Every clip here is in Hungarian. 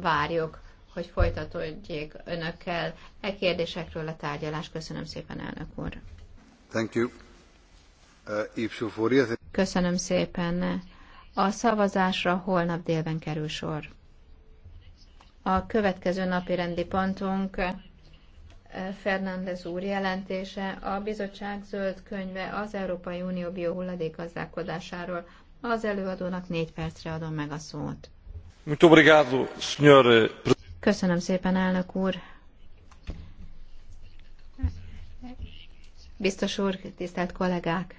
várjuk, hogy folytatódjék önökkel e kérdésekről a tárgyalás. Köszönöm szépen, elnök úr. Thank you. Uh, Köszönöm szépen. A szavazásra holnap délben kerül sor. A következő napi rendi pontunk uh, Fernández úr jelentése, a bizottság zöld könyve az Európai Unió biohulladék gazdálkodásáról. Az előadónak négy percre adom meg a szót. Eh, Köszönöm szépen, elnök úr. Biztos úr, tisztelt kollégák!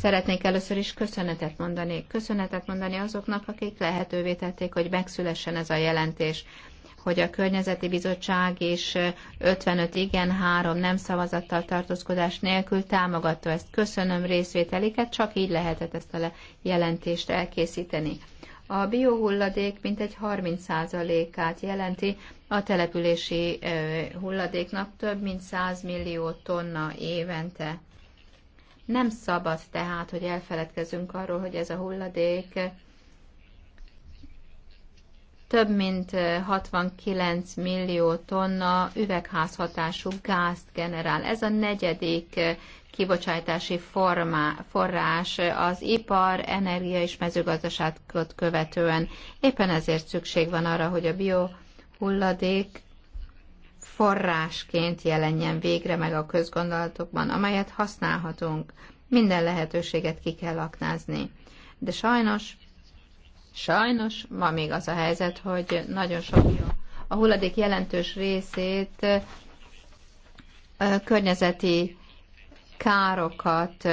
Szeretnék először is köszönetet mondani. Köszönetet mondani azoknak, akik lehetővé tették, hogy megszülessen ez a jelentés hogy a környezeti bizottság is 55 igen, 3 nem szavazattal tartózkodás nélkül támogatta ezt. Köszönöm részvételiket, csak így lehetett ezt a jelentést elkészíteni. A biohulladék mintegy 30%-át jelenti a települési hulladéknak több mint 100 millió tonna évente. Nem szabad tehát, hogy elfeledkezünk arról, hogy ez a hulladék több mint 69 millió tonna üvegházhatású gázt generál. Ez a negyedik kibocsátási forrás az ipar, energia és mezőgazdaságot követően. Éppen ezért szükség van arra, hogy a biohulladék forrásként jelenjen végre meg a közgondolatokban, amelyet használhatunk. Minden lehetőséget ki kell aknázni. De sajnos Sajnos ma még az a helyzet, hogy nagyon sok a hulladék jelentős részét környezeti károkat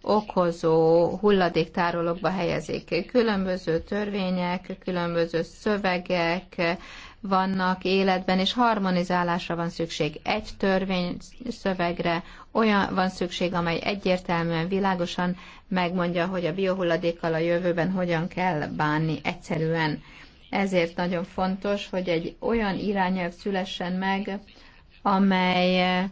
okozó hulladéktárolókba helyezik. Különböző törvények, különböző szövegek, vannak életben, és harmonizálásra van szükség. Egy törvényszövegre olyan van szükség, amely egyértelműen, világosan megmondja, hogy a biohulladékkal a jövőben hogyan kell bánni egyszerűen. Ezért nagyon fontos, hogy egy olyan irányelv szülessen meg, amely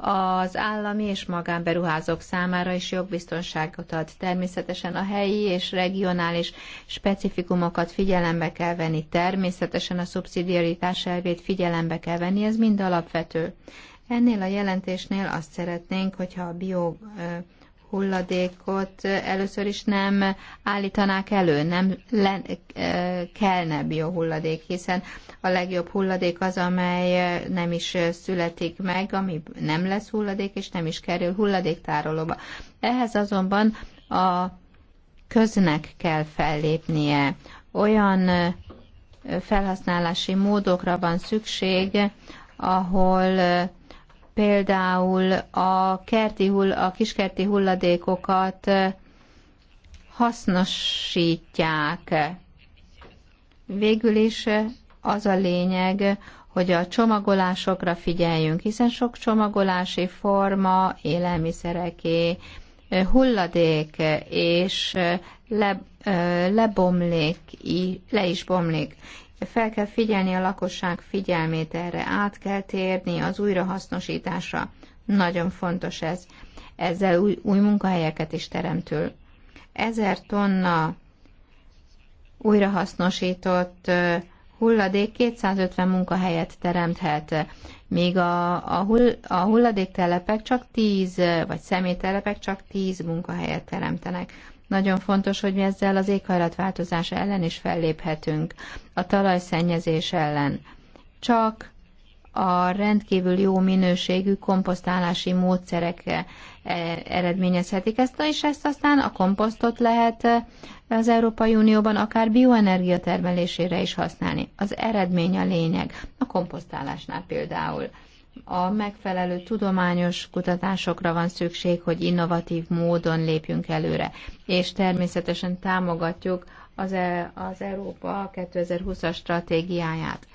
az állami és magánberuházók számára is jogbiztonságot ad. Természetesen a helyi és regionális specifikumokat figyelembe kell venni, természetesen a szubszidiaritás elvét figyelembe kell venni, ez mind alapvető. Ennél a jelentésnél azt szeretnénk, hogyha a bio hulladékot először is nem állítanák elő, nem le, eh, kellene biohulladék, hiszen a legjobb hulladék az, amely eh, nem is eh, születik meg, ami nem lesz hulladék, és nem is kerül hulladéktárolóba. Ehhez azonban a köznek kell fellépnie. Olyan felhasználási módokra van szükség, ahol például a, kerti hull, a kiskerti hulladékokat hasznosítják. Végül is az a lényeg, hogy a csomagolásokra figyeljünk, hiszen sok csomagolási forma, élelmiszereké, hulladék és le, lebomlik, le is bomlik fel kell figyelni a lakosság figyelmét erre, át kell térni az újrahasznosításra. Nagyon fontos ez. Ezzel új, új munkahelyeket is teremtül. Ezer tonna újrahasznosított hulladék 250 munkahelyet teremthet, míg a, a, hull, a hulladéktelepek csak 10, vagy személytelepek csak 10 munkahelyet teremtenek. Nagyon fontos, hogy mi ezzel az éghajlatváltozás ellen is felléphetünk, a talajszennyezés ellen. Csak a rendkívül jó minőségű komposztálási módszerek eh, eredményezhetik ezt, és ezt aztán a komposztot lehet eh, az Európai Unióban akár bioenergia termelésére is használni. Az eredmény a lényeg, a komposztálásnál például a megfelelő tudományos kutatásokra van szükség, hogy innovatív módon lépjünk előre. És természetesen támogatjuk az, e, az Európa 2020-as stratégiáját.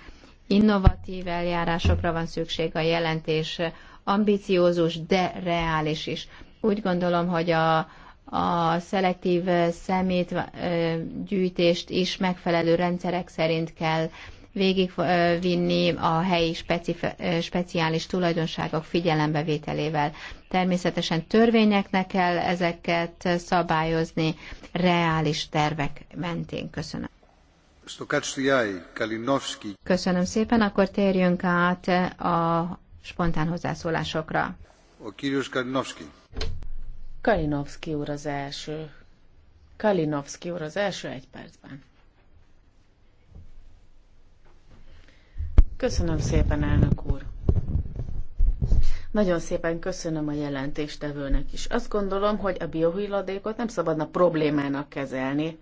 Innovatív eljárásokra van szükség a jelentés, ambiciózus, de reális is. Úgy gondolom, hogy a, a szelektív szemétgyűjtést is megfelelő rendszerek szerint kell végigvinni a helyi speci, speciális tulajdonságok figyelembevételével. Természetesen törvényeknek kell ezeket szabályozni, reális tervek mentén. Köszönöm. Köszönöm szépen, akkor térjünk át a spontán hozzászólásokra. A kíriós Kalinowski. Kalinowski úr az első. Kalinowski úr az első egy percben. Köszönöm szépen, elnök úr. Nagyon szépen köszönöm a jelentéstevőnek is. Azt gondolom, hogy a biohulladékot nem szabadna problémának kezelni.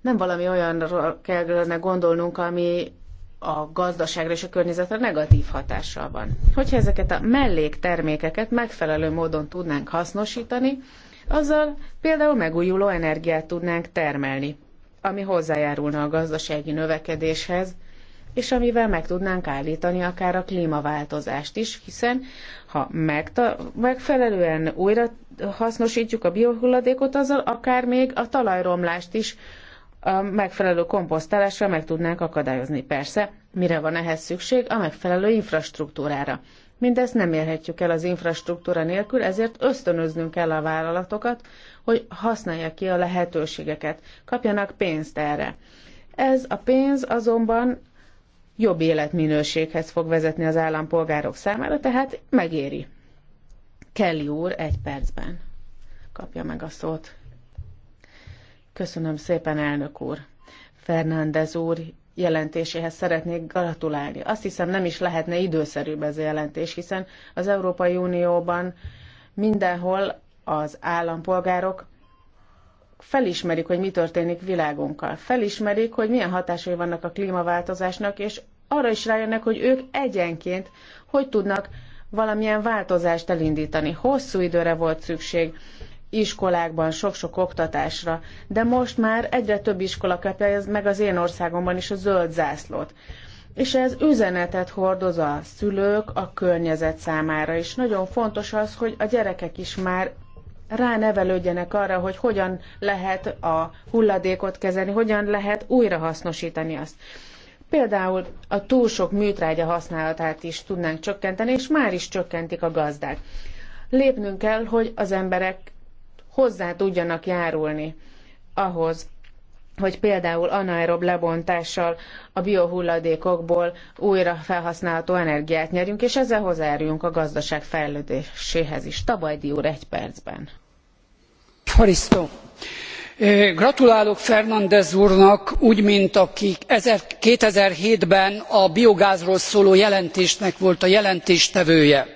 Nem valami olyanra kellene gondolnunk, ami a gazdaságra és a környezetre negatív hatással van. Hogyha ezeket a melléktermékeket megfelelő módon tudnánk hasznosítani, azzal például megújuló energiát tudnánk termelni, ami hozzájárulna a gazdasági növekedéshez, és amivel meg tudnánk állítani akár a klímaváltozást is, hiszen ha megfelelően újra hasznosítjuk a biohulladékot, azzal akár még a talajromlást is a megfelelő komposztálásra meg tudnánk akadályozni. Persze, mire van ehhez szükség? A megfelelő infrastruktúrára. Mindezt nem érhetjük el az infrastruktúra nélkül, ezért ösztönöznünk kell a vállalatokat, hogy használják ki a lehetőségeket, kapjanak pénzt erre. Ez a pénz azonban jobb életminőséghez fog vezetni az állampolgárok számára, tehát megéri. Kelly úr egy percben kapja meg a szót. Köszönöm szépen, elnök úr. Fernández úr jelentéséhez szeretnék gratulálni. Azt hiszem nem is lehetne időszerűbb ez a jelentés, hiszen az Európai Unióban mindenhol az állampolgárok felismerik, hogy mi történik világunkkal, felismerik, hogy milyen hatásai vannak a klímaváltozásnak, és arra is rájönnek, hogy ők egyenként hogy tudnak valamilyen változást elindítani. Hosszú időre volt szükség iskolákban, sok-sok oktatásra, de most már egyre több iskola kapja meg az én országomban is a zöld zászlót. És ez üzenetet hordoz a szülők, a környezet számára is. Nagyon fontos az, hogy a gyerekek is már ránevelődjenek arra, hogy hogyan lehet a hulladékot kezelni, hogyan lehet újrahasznosítani azt. Például a túl sok műtrágya használatát is tudnánk csökkenteni, és már is csökkentik a gazdák. Lépnünk kell, hogy az emberek hozzá tudjanak járulni ahhoz, hogy például anaerob lebontással a biohulladékokból újra felhasználható energiát nyerjünk, és ezzel hozzájárjunk a gazdaság fejlődéséhez is. Tabajdi úr egy percben. Haristo. Gratulálok Fernandez úrnak, úgy, mint aki 2007-ben a biogázról szóló jelentésnek volt a jelentéstevője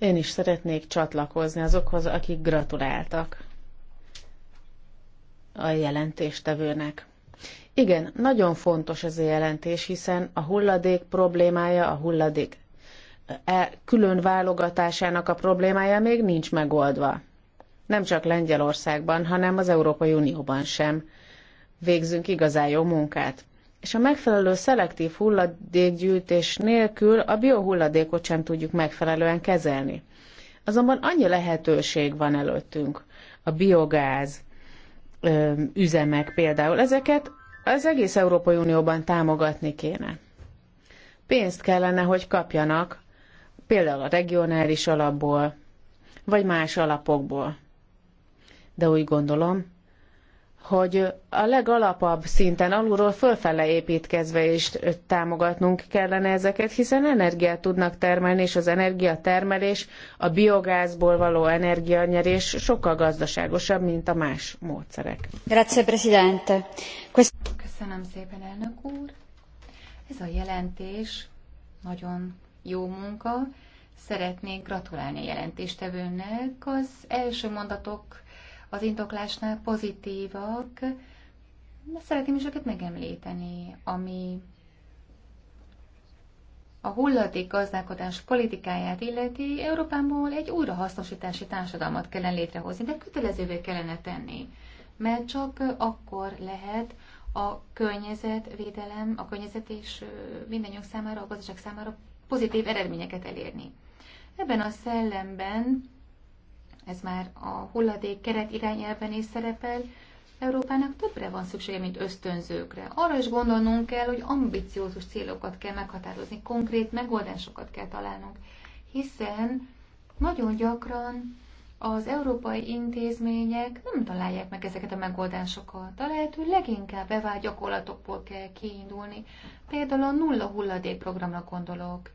Én is szeretnék csatlakozni azokhoz, akik gratuláltak a jelentéstevőnek. Igen, nagyon fontos ez a jelentés, hiszen a hulladék problémája, a hulladék e, külön válogatásának a problémája még nincs megoldva. Nem csak Lengyelországban, hanem az Európai Unióban sem végzünk igazán jó munkát és a megfelelő szelektív hulladékgyűjtés nélkül a biohulladékot sem tudjuk megfelelően kezelni. Azonban annyi lehetőség van előttünk, a biogáz ö, üzemek például, ezeket az egész Európai Unióban támogatni kéne. Pénzt kellene, hogy kapjanak, például a regionális alapból, vagy más alapokból. De úgy gondolom, hogy a legalapabb szinten alulról fölfele építkezve is támogatnunk kellene ezeket, hiszen energiát tudnak termelni, és az energiatermelés, a biogázból való energianyerés sokkal gazdaságosabb, mint a más módszerek. Grazie, Presidente. Köszönöm szépen, elnök úr. Ez a jelentés nagyon jó munka. Szeretnék gratulálni a jelentéstevőnek. Az első mondatok az indoklásnál pozitívak, de szeretném is őket megemlíteni, ami a hulladék gazdálkodás politikáját illeti, Európából egy újrahasznosítási társadalmat kellene létrehozni, de kötelezővé kellene tenni, mert csak akkor lehet a környezetvédelem, a környezet és mindannyiunk számára, a gazdaság számára pozitív eredményeket elérni. Ebben a szellemben ez már a hulladék keret irányelven is szerepel, Európának többre van szüksége, mint ösztönzőkre. Arra is gondolnunk kell, hogy ambiciózus célokat kell meghatározni, konkrét megoldásokat kell találnunk, hiszen nagyon gyakran az európai intézmények nem találják meg ezeket a megoldásokat. A lehető leginkább bevált gyakorlatokból kell kiindulni. Például a nulla hulladék programra gondolok.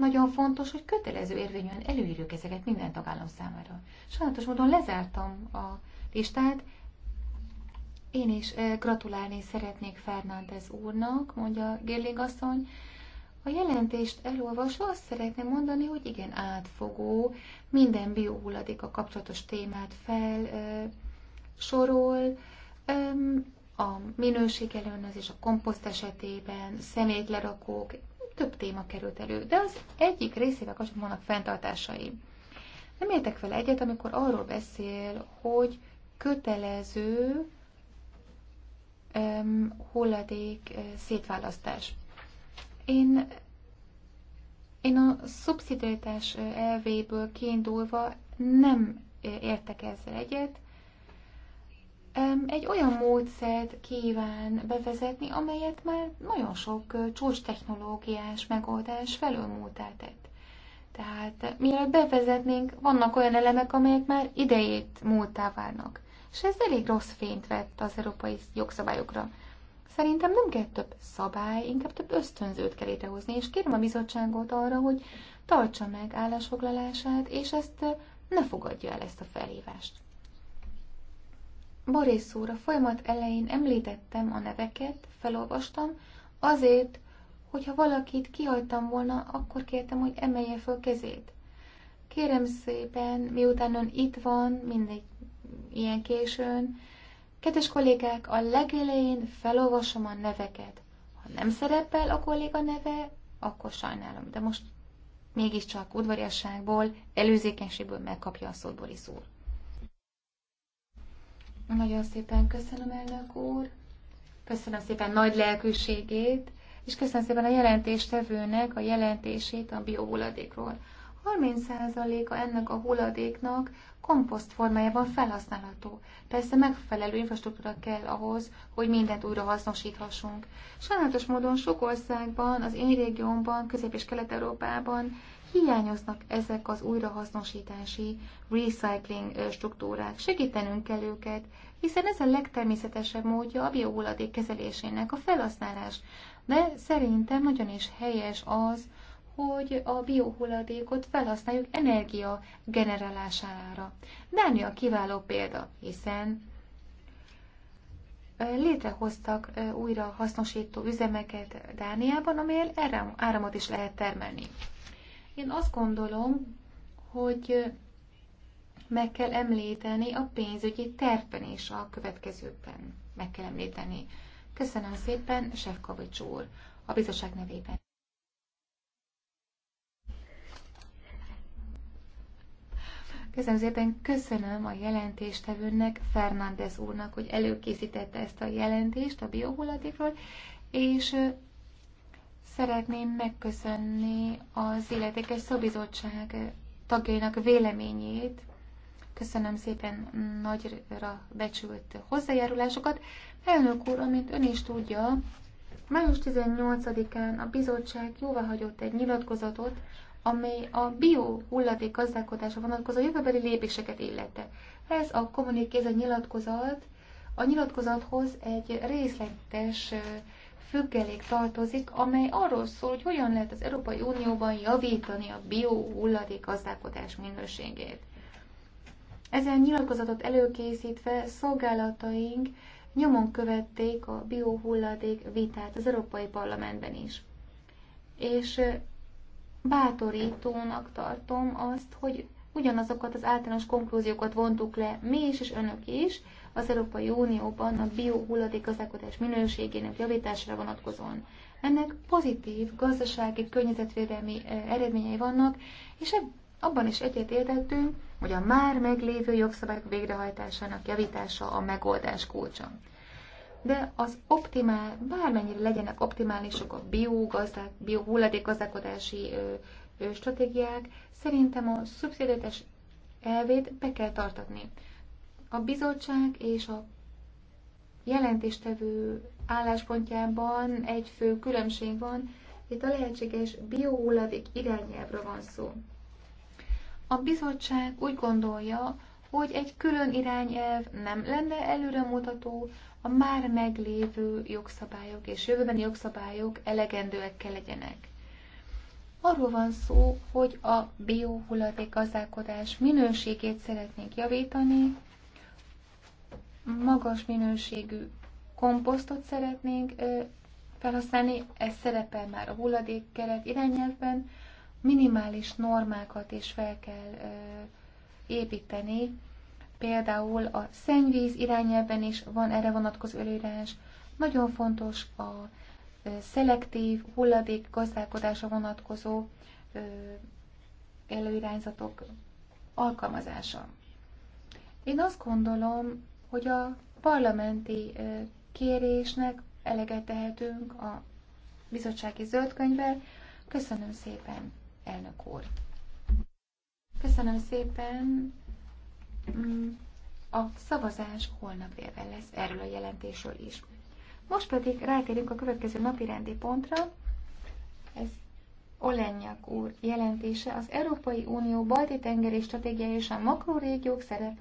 Nagyon fontos, hogy kötelező érvényűen előírjuk ezeket minden tagállam számára. Sajnálatos módon lezártam a listát. Én is eh, gratulálni szeretnék Fernández úrnak, mondja Gérling asszony. A jelentést elolvasva azt szeretném mondani, hogy igen, átfogó, minden a kapcsolatos témát fel eh, sorol, a a minőségelőnözés, a komposzt esetében, szemétlerakók, több téma került elő, de az egyik részével kapcsolatban vannak fenntartásai. Nem értek vele egyet, amikor arról beszél, hogy kötelező um, hulladék uh, szétválasztás. Én, én a szubszidiaritás eh, elvéből kiindulva nem eh, értek ezzel egyet, egy olyan módszert kíván bevezetni, amelyet már nagyon sok csúcs technológiás megoldás felülmúltá tett. Tehát mielőtt bevezetnénk, vannak olyan elemek, amelyek már idejét múltá válnak. És ez elég rossz fényt vett az európai jogszabályokra. Szerintem nem kell több szabály, inkább több ösztönzőt kell létrehozni, és kérem a bizottságot arra, hogy tartsa meg állásfoglalását, és ezt ne fogadja el ezt a felhívást. Borész úr, a folyamat elején említettem a neveket, felolvastam, azért, hogyha valakit kihagytam volna, akkor kértem, hogy emelje fel kezét. Kérem szépen, miután ön itt van, mindegy ilyen későn, kedves kollégák, a legelején felolvasom a neveket. Ha nem szerepel a kolléga neve, akkor sajnálom, de most mégiscsak udvariasságból, előzékenységből megkapja a szót Boris úr. Nagyon szépen köszönöm, elnök úr. Köszönöm szépen nagy lelkűségét, és köszönöm szépen a jelentéstevőnek a jelentését a biohulladékról. 30%-a ennek a hulladéknak komposzt formájában felhasználható. Persze megfelelő infrastruktúra kell ahhoz, hogy mindent újra hasznosíthassunk. Sajnálatos módon sok országban, az én régiómban, Közép- és Kelet-Európában hiányoznak ezek az újrahasznosítási recycling struktúrák. Segítenünk kell őket, hiszen ez a legtermészetesebb módja a biohulladék kezelésének a felhasználás. De szerintem nagyon is helyes az, hogy a biohulladékot felhasználjuk energia generálására. Dánia kiváló példa, hiszen létrehoztak újra hasznosító üzemeket Dániában, amelyel áramot is lehet termelni. Én azt gondolom, hogy meg kell említeni a pénzügyi terpen is a következőkben. Meg kell említeni. Köszönöm szépen, Sefkovics úr, a bizottság nevében. Köszönöm szépen, köszönöm a jelentéstevőnek, Fernández úrnak, hogy előkészítette ezt a jelentést a biohulladékról, és szeretném megköszönni az Illetékes Szabizottság tagjainak véleményét. Köszönöm szépen nagyra becsült hozzájárulásokat. Elnök úr, amint ön is tudja, május 18-án a bizottság jóváhagyott egy nyilatkozatot, amely a bio hulladék gazdálkodásra vonatkozó jövőbeli lépéseket illette. Ez a kommuniké, a nyilatkozat, a nyilatkozathoz egy részletes függelék tartozik, amely arról szól, hogy hogyan lehet az Európai Unióban javítani a bio hulladék gazdálkodás minőségét. Ezen nyilatkozatot előkészítve szolgálataink nyomon követték a biohulladék vitát az Európai Parlamentben is. És bátorítónak tartom azt, hogy ugyanazokat az általános konklúziókat vontuk le mi is és önök is az Európai Unióban a biohulladék gazdálkodás minőségének javítására vonatkozóan. Ennek pozitív gazdasági, környezetvédelmi eh, eredményei vannak, és abban is egyetértettünk, hogy a már meglévő jogszabályok végrehajtásának javítása a megoldás kulcsa de az optimál, bármennyire legyenek optimálisok a biogazdák, biohulladékgazdálkodási stratégiák, szerintem a szubszidiaritás elvét be kell tartatni. A bizottság és a jelentéstevő álláspontjában egy fő különbség van, itt a lehetséges biohulladék irányelvről van szó. A bizottság úgy gondolja, hogy egy külön irányelv nem lenne előremutató, a már meglévő jogszabályok és jövőbeni jogszabályok elegendőek kell legyenek. Arról van szó, hogy a biohulladék gazdálkodás minőségét szeretnénk javítani, magas minőségű komposztot szeretnénk felhasználni, ez szerepel már a keret irányelvben, minimális normákat is fel kell építeni Például a szennyvíz irányelben is van erre vonatkozó előírás. Nagyon fontos a szelektív hulladék gazdálkodása vonatkozó előirányzatok alkalmazása. Én azt gondolom, hogy a parlamenti kérésnek eleget tehetünk a bizottsági zöldkönyvvel. Köszönöm szépen, elnök úr! Köszönöm szépen, a szavazás holnap délben lesz erről a jelentésről is. Most pedig rátérünk a következő napi rendi pontra. Ez Olenyak úr jelentése az Európai Unió balti tengeri stratégiája és a makrorégiók szerepe